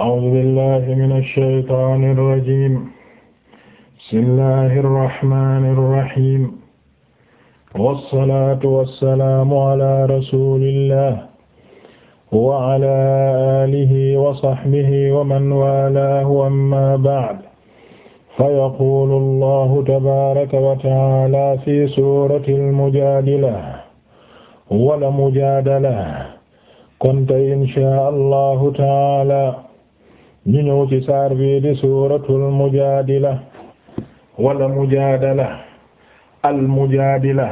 أعوذ بالله من الشيطان الرجيم بسم الله الرحمن الرحيم والصلاة والسلام على رسول الله وعلى آله وصحبه ومن والاه أما بعد فيقول الله تبارك وتعالى في سورة المجادلة ولا مجادلة kon tey إن شاء الله تعالى ñu ñëw ci saar bi di suuratul mujaadila wala mujaadala al mujaadila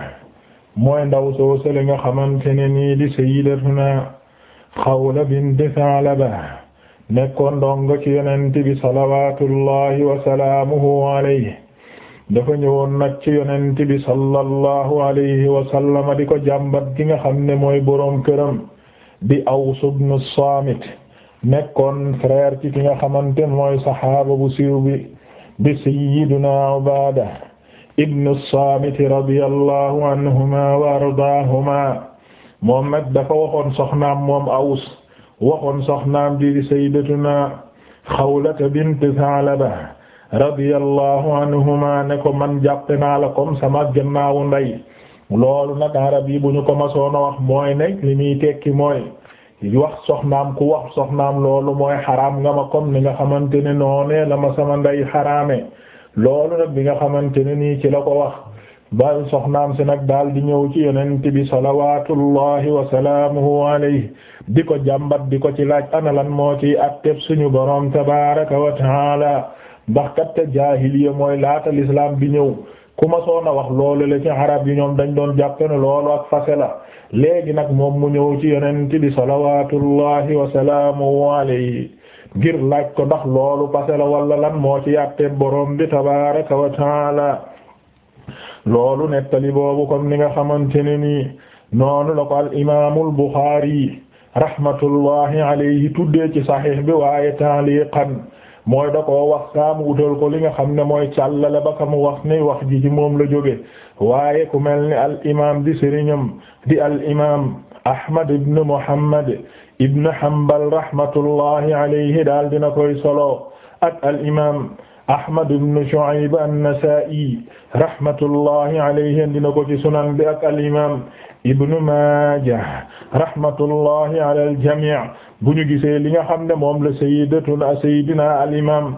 mooy ndaw soo sele nga xamante ne nii di sayyidatuna Xawla bint Saalaba nekkoon ndongo ci yonent bi salawaatullahi wa salaamuhu alayhi dafa ñëwoon nag ci yonent bi sallallahu alayhi wa sallam di ko jàmbat gi nga xam ne mooy boroom këram bi Aws ibn Saamit nekkoon frère ci ki nga xamante mooy saxaaba bu siiw bi di sayyidina Ubaada ibnu Saamit radiyallahu anhuma wa ardaahuma moom nag dafa waxoon soxnaam moom Aws waxoon soxnaam di sayyidatuna Xawlata bint Saalaba radiyallahu anhuma ne ko man jàppe naa la comme sama gannaawu ndey loolu nag arab yi bu ñu ko masoona mooy ne li muy mooy wax soxnaam ku wax soxnaam loolu mooy xaraam nga ma comme ni nga xamante ne noonee la ma sama ndey xaraame loolu nag bi nga xamante ne nii ci la ko wax ba soxnaam si nag daal di ñëw ci yonent bi salawaatullahi wa salaamuhu alayhi di ko jàmbat di ko ci laaj ana moo ci atteb suñu boroom tabaaraka wa taala ndax kat jaahiliya mooy laata lislaam bi ñëw ku ma soon a wax loolu la ci arab yi ñoom dañ doon jàppe ne loolu ak fase la léegi nag moom mu ñëw ci yonent bi salawatullahi wa salaamuhu alayhi ngir laaj ko ndax loolu fase la lan moo ci àttee borom bi tabaraka wa loolu nettali boobu comme ni nga xamante ne nii noonu la ko al imaamul Buxaari rahmatullahi alayhi tuddee ci saxiix bi waaye taaliqan mooy da koo wax saam wutal ko li nga xam ne mooy càllale ba ka wax ni wax ji ci moom la jóge waaye ku mel ni al imaam di sëriñam di al imaam ahmad ibn muhammad ibn hanbal rahmatullahi alayhi daal dina koy solo ak al imaam Ahmad ibn Shu'ayb an-Nasa'i rahmatullahi alayhi dina ko ci sunan bi ak al-imam Ibn Majah rahmatullahi ala al-jami' bu ñu gisee li nga xam ne moom la sayyidatuna sayyidina al-imam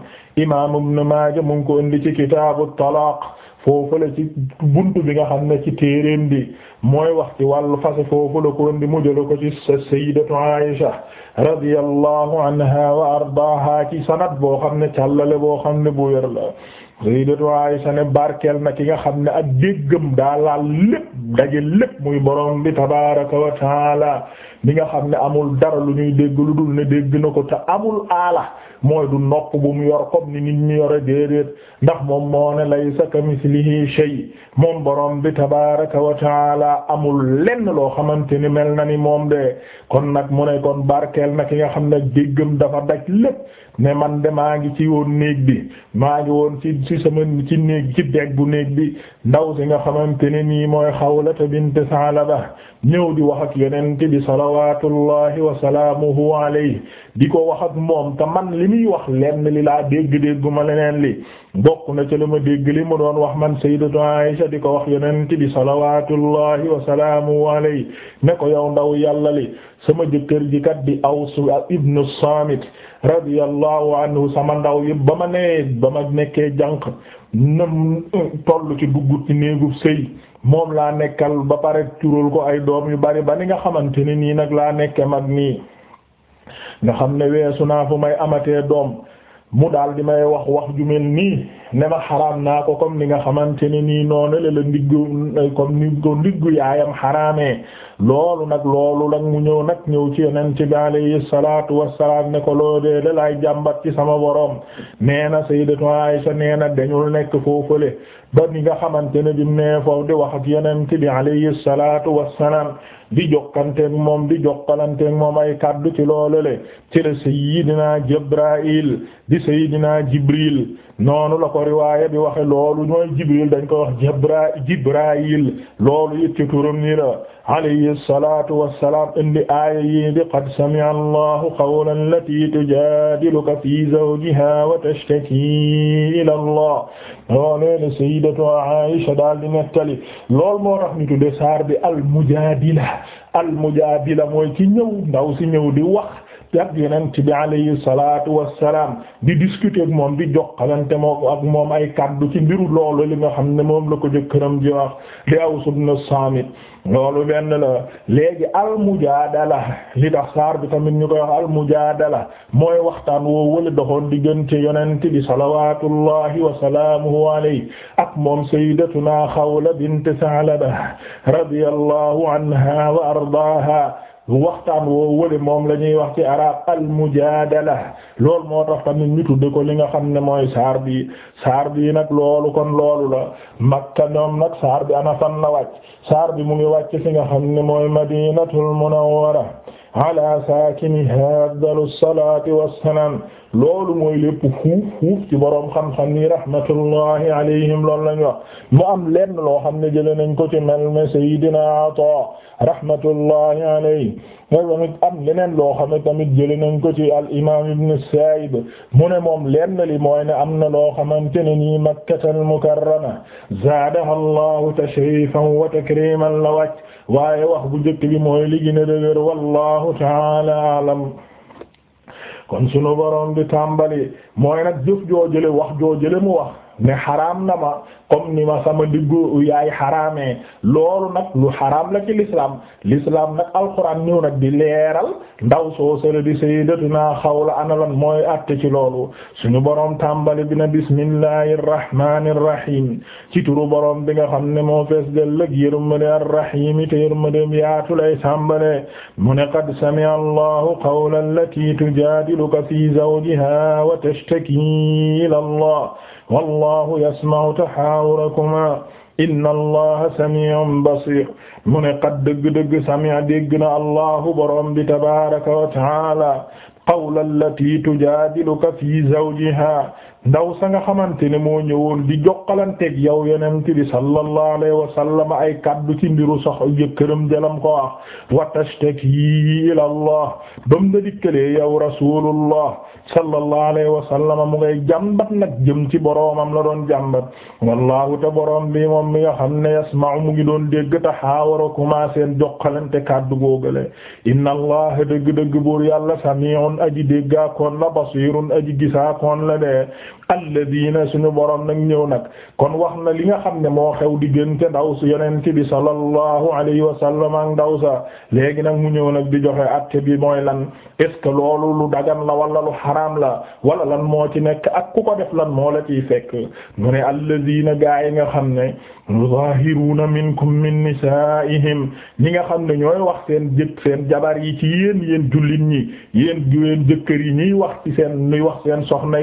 imam Ibn Majah mu ngi ko indi ci kitaabu talaaq foofu la ci buntu bi nga xam ne ci téereem bi mooy wax ci wàllu fase foofu la ko mu mujjale ko ci sayyidatu Aisha radiyallahu anha wa ardaaha ki sanad boo xam ne càllale boo xam ne bu wér la sayyidatu Aisha ne barkel na ki nga xam ne ak déggam daa laal lépp daje lépp muy borom bi tabaaraka wa taala mi nga xam ne amul dara lu ñuy dégg lu dul ne dégg na ko te amul aala mooy du nopp bu mu yor comme ni nit ñu yore déedéet ndax moom moo ne laysa kamislihi shay moom borom bi tabaaraka wa taala taala amul lenn loo xamante ni mel na ni moom de kon nag mu ne kon barkeel na ki nga xam ne déggam dafa daj lépp ne man de maa ngi ci woon néeg bi maa ngi woon ci ci sama ci néeg ci deeg bu néeg bi ndaw si nga xamante ne nii mooy Xawlata bint Salaba ñëw di wax ak yonent bi salawaatullahi wa salaamuhu alayhi di ko wax ak moom te man li muy wax lenn li laa dégg-déggu ma leneen li bokk na ci la ma dégg li mu doon wax man sayyidatu Aisha di ko wax yonent salawaatullahi wa salaamu alayhi ne ko yow ndaw yàlla sama jëkkër ji kat di Aws ibnu Saamit radiyallahu anhu sama ndaw yëpp ba ma nee ba ma nekkee jànq nam uh, toll ci dugg ci néegu sëy moom laa nekkal ba pare tural ko ay doom yu bari ba ni nga xamante ne nii nag laa nekke mag nii nga xam ne weesu naa fu may amatee doom mu daal di may wax wax ju mel nii ne ma xaraam naa ko comme ni nga xamante ne nii noonu la la ndiggu comme ni ko ndiggu yaayam xaraamee loolu nag loolu nag mu ñëw nag ñëw ci yonent bi alayhi salaatu wassalaam ne ko loo dee da laay jàmbat ci sama boroom nee na sayyidatu Aisha nee na dañul nekk foofule ba ni nga xamante ne bi mu nee di wax ak yonent bi alayhi salaatu wassalaam di jokkanteeg moom di jokkalanteeg moom ay kaddu ci loolale ci la sayyidina Jibril di sayyidina Jibril noonu la ko riwaaya bi wax loolu mooy jibril dañ ko wax jabra jibrayil loolu it ci turam ni la alayhi salatu wassalam indi aaya yi di qad sami'a allahu qawlan lati tujadiluka fi zawjiha wa tashtaki ila loolu la sayyidatu aisha daal di nettali loolu moo tax ñu tudde saar bi al mujadila al mujadila mooy ci ñëw ndaw si ñëw di wax ak yonent bi alayhi salaatu wassalaam di discuter ak moom di jox xamante moom moom ay kaddu ci mbiru loolu li nga xam ne moom la ko jëkkëram ji wax di Aws ibn Saamit loolu le la léegi almujaadala li tax saar bi tamit ñu koy wax almujaadala mooy waxtaan woo wala doxoon diggante yonent bi salawaatullahi wa salaamuhu alayhi ak moom sayyidatuna Xawla bint Sa'laba radiyallahu anha wa ardaaha waxtaan woo wële moom la ñuy wax ci arab almujaadala loolu moo tax tamit ñu tudde ko li nga xam ne mooy saar bi saar bi nag loolu kon loolu la makka ñoom nag saar bi ana fan la wàcc saar bi mu ngi wàcc fi nga xam ne mooy madinatul munawwara ala saakiniha afdalu salaati wassalaam loolu mooy lépp fuuf fuuf ci boroom xam-xam ni rahmatullahi alayhim loolu lañu wax mu am lenn loo xam ne jëlee nañ ko ci mel ne Seydina Ata rahmatullahi alayhi tamit am leneen loo xam ne tamit jëlee nañ ko ci al imaam Ibn Saa'ib mu ne moom lenn li mooy ne am na loo xamante ne nii Makkatal Mukarrama zaadaha Allahu tashrifan wa takriman la wàcc waaye wax bu njëkk bi mooy li gën a dëgër wallahu ta'ala a'lam kon sunu borom di tàmbali mooy nag jëf joo jële wax joo jële mu wax ne xaraam na ma comme ni ma sama diggu yaay xaraamee loolu nag lu xaraam la ci l'islam l'islam nag alxuraan ñëw nag di leeral ndaw soo sele di sayyidatuna Xawla ana lan mooy àtte ci loolu suñu boroom tàmbali bi na bismillahir rahmanir rahim ci turu boroom bi nga xam ne moo fees dell ak yërmande ar-rahim te yërmandeem yaatu lay tàmbale mu ne qad sami'a Allahu qawla allati tujadiluka fi zawjiha wa tashtaki ila Allah wallahu yasma'u tahawurakumaa inna allaha sami'un basir mu ne qad dëgg-dëgg sami'a dégg na allahu borom bi tabaraka wa taala qawla allati tujaadiluka fi zawjiha ndaw sa nga xamante ne moo ñëwoon di jokkalanteeg yow yonent bi sallallahu alayhi wa sallam ay kaddu ci mbiru sox jëkkëram jalam ko wax wa tashtaki ila Allah bam na dikkalee yow rasulullah sallallahu alayhi wa sallam mu ngay jàmbat nag jëm ci boroomam la doon jàmbat wallahu te boroom bi moom mi nga xam ne yasma'u mu ngi doon dégg tahaawarakuma seen jokkalante kaddu googale inna Allah dëgg-dëgg buur yàlla sami'un aji déggaakoon la basirun aji gisaakoon la de alladina suñu borom nag ñëw nag kon wax na li nga xam ne moo xew diggante ndaw si yonent bi sallallahu alayhi wa sallam ak ndaw sa léegi nag mu ñëw nag di joxe atte bi mooy lan est ce que loolu lu dagan la wala lu xaraam la wala lan moo ci nekk ak ku ko def lan moo la ciy fekk mu ne alladina gaa yi nga xam ne yuzahiruna minkum min nisaihim ñi nga xam ne ñooy wax seen jëkk seen jabar yi ci yéen yéen jullit ñi yéen jëkkër yi ñuy wax ci seen ñuy wax seen soxna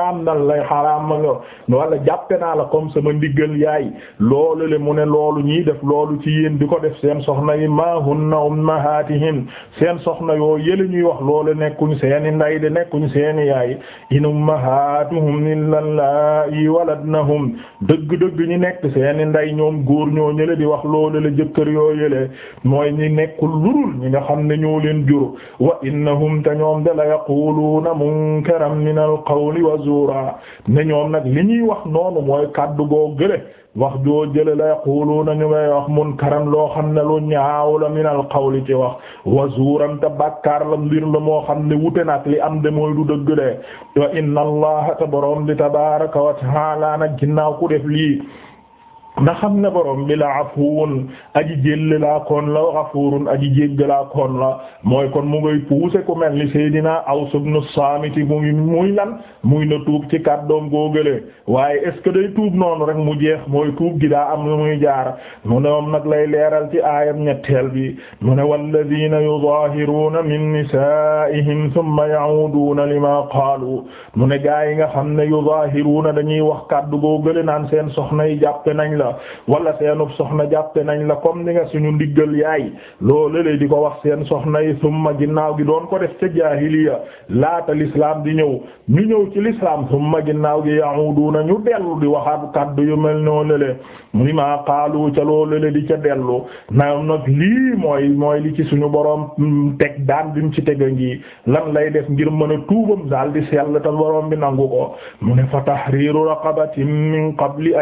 xaraam nan lay xaraam ma nga wala jàppe naa la comme sama ndiggal yaay loolu le mu ne loolu ñii def loolu ci yéen di ko def seen soxna yi ma hunna ummahatihim seen soxna yoo yële ñuy wax loolu nekkuñ seeni nday de nekkuñ seeni yaay in ummahatuhum illa laa'i waladnahum dëgg-dëgg ñi nekk seeni nday ñoom góor ñoo ñële di wax loolu le jëkkër yoo yële mooy ñi nekkul lurul ñi nga xam ne ñoo leen juru wa innahum te ñoom de la yaquluuna munkaram mazura ne ñoom nag li ñuy wax noonu mooy kaddu goo gële wax joo jële la yaquluuna ñu may wax munkaran loo xam ne lu ñaaw la min al qawli ci wax wa zuuran te bàkkaar la mbir la moo xam ne wute naat li am de mooy du dëgg de wa inna allaha te boroom di tabaraka wa taala nag ku def lii na xam ne borom bi la afuwun aji jël laa koon la ghafuurun aji jégg laa koon la mooy kon mu ngay pousser ku mel ni Seydina Aws ibn Saamit muy muy lan muy na tuub ci kàddoom góogale waaye est-ce que day tuub noonu rek mu jeex mooy tuub gi daa am lu muy jaar mu ne moom nag lay leeral ci aayam ñetteel bi mu ne walladiina yuzaahiruuna min nisaa'ihim thumma ya'uuduuna limaa qaalu mu ne gaa yi nga xam ne yuzaahiruuna dañuy wax kàddu góogale naan seen soxna yi jàppe nañ la la wala seenub soxna jàppe nañ la comme ni suñu ndiggal yaay loolu lay di ko wax seen soxna yi summa ginnaaw gi doon ko def ca jaahiliya laata l'islam di ñëw ñu ñëw ci lislaam summa ginnaaw gi ya'uduna ñu dellu di waxaat kaddu yu mel noonu le lima qaalu ca loolu le di ca dellu na nag lii mooy mooy li ci suñu boroom teg daan bi mu ci tega ngi lan lay def ngir mën a tuubam daal di sell ta boroom bi nangu ko mu ne fa tahriru raqabatin min qabli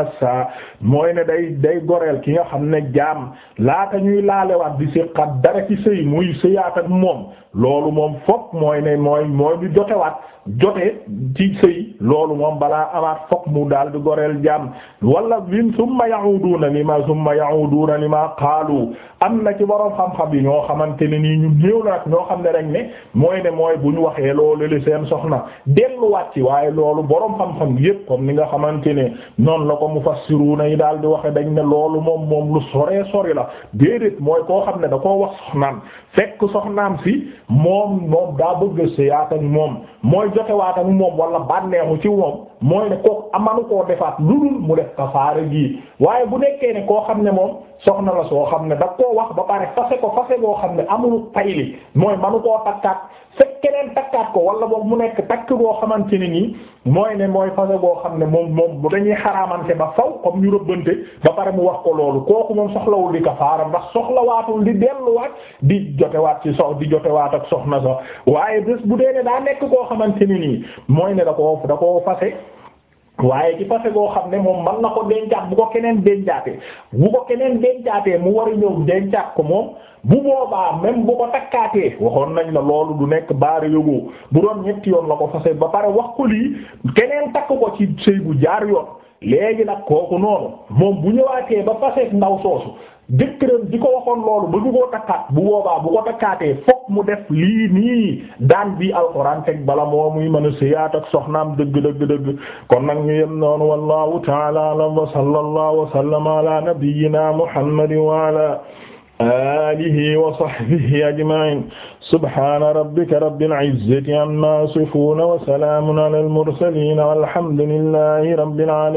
yatamaassa mooy ne day day goreel ki nga xam ne jaam laata ñuy laalewaat di séqat dara ci sëy muy sëyaat ak moom loolu moom fokk mooy ne mooy mooy ñu jotewaat jote ci sëy loolu moom balaa amaat fokk mu daal di goreel jaam wala bin summa ya'uduna lima summa ya'uduna lima qaalu am na ci borom yi ñoo xamante ne nii ñu néew na ñoo xam ne rek ne mooy ne mooy bu ñu waxee loolu li seen soxna delluwaat ci waaye loolu borom xam-xam yépp comme ni nga xamante ne noonu la ko mufassiruuna yi daal di waxe dañ ne loolu moom moom lu soree sori la déedéet mooy koo xam ne da koo wax soxnaam fekk soxnaam si moom moom daa bëgg sëyaat ak moom mooy jotewaat ak moom wala bànneexu ci moom mooy ne kooku amanu koo defaat lu dul mu def kafaara gi waaye bu nekkee ne koo xam ne moom soxna la soo xam ne da koo wax ba pare fase ko fase boo xam ne amul tayli mooy manu koo takkaat fekk keneen takkaat ko wala boog mu nekk takk boo xamante ne nii mooy ne mooy fase boo xam ne moom moom dañuy xaraamante ba faw comme ñu rëbbante ba pare mu wax ko loolu kooku moom soxlawul di kafaara ndax soxlawaatul di delluwaat di jotewaat ci sox di jotewaat ak soxna sax waaye bés bu dee ne nekk koo xamante ne nii mooy ne da koo da koo fase waaye ci fase goo xam ne moom man na ko dencaat bu ko keneen dencaatee bu ko keneen dencaatee mu war a ñëw dencaat ko moom bu boobaa même bu ko takkaatee waxoon nañ la loolu du nekk baara yógoo bu doon ñetti yoon la ko fase ba pare wax ko lii keneen takk ko ci sëy bu jaar yoon léegi nag kooku noonu moom bu ñëwaatee ba faseek ndaw soosu jëkkëram di ko waxoon loolu bëgg koo takkaat bu boobaa bu ko takkaatee fokk mu def lii nii daan bi alxuraan teg bala moo muy mën a sëyaat ak soxnaam dëgg dëgg dëgg kon nag ñu yem noonu wallahu ta'ala a'lam wa sallallahu wa sallama ala nabiyyina muhammadin wa ala alihi wa sahbihi ajma'in subhana rabbika rabbil izzati amma yasifun wa salamun ala al mursalin walhamdulillahi rabbil alamin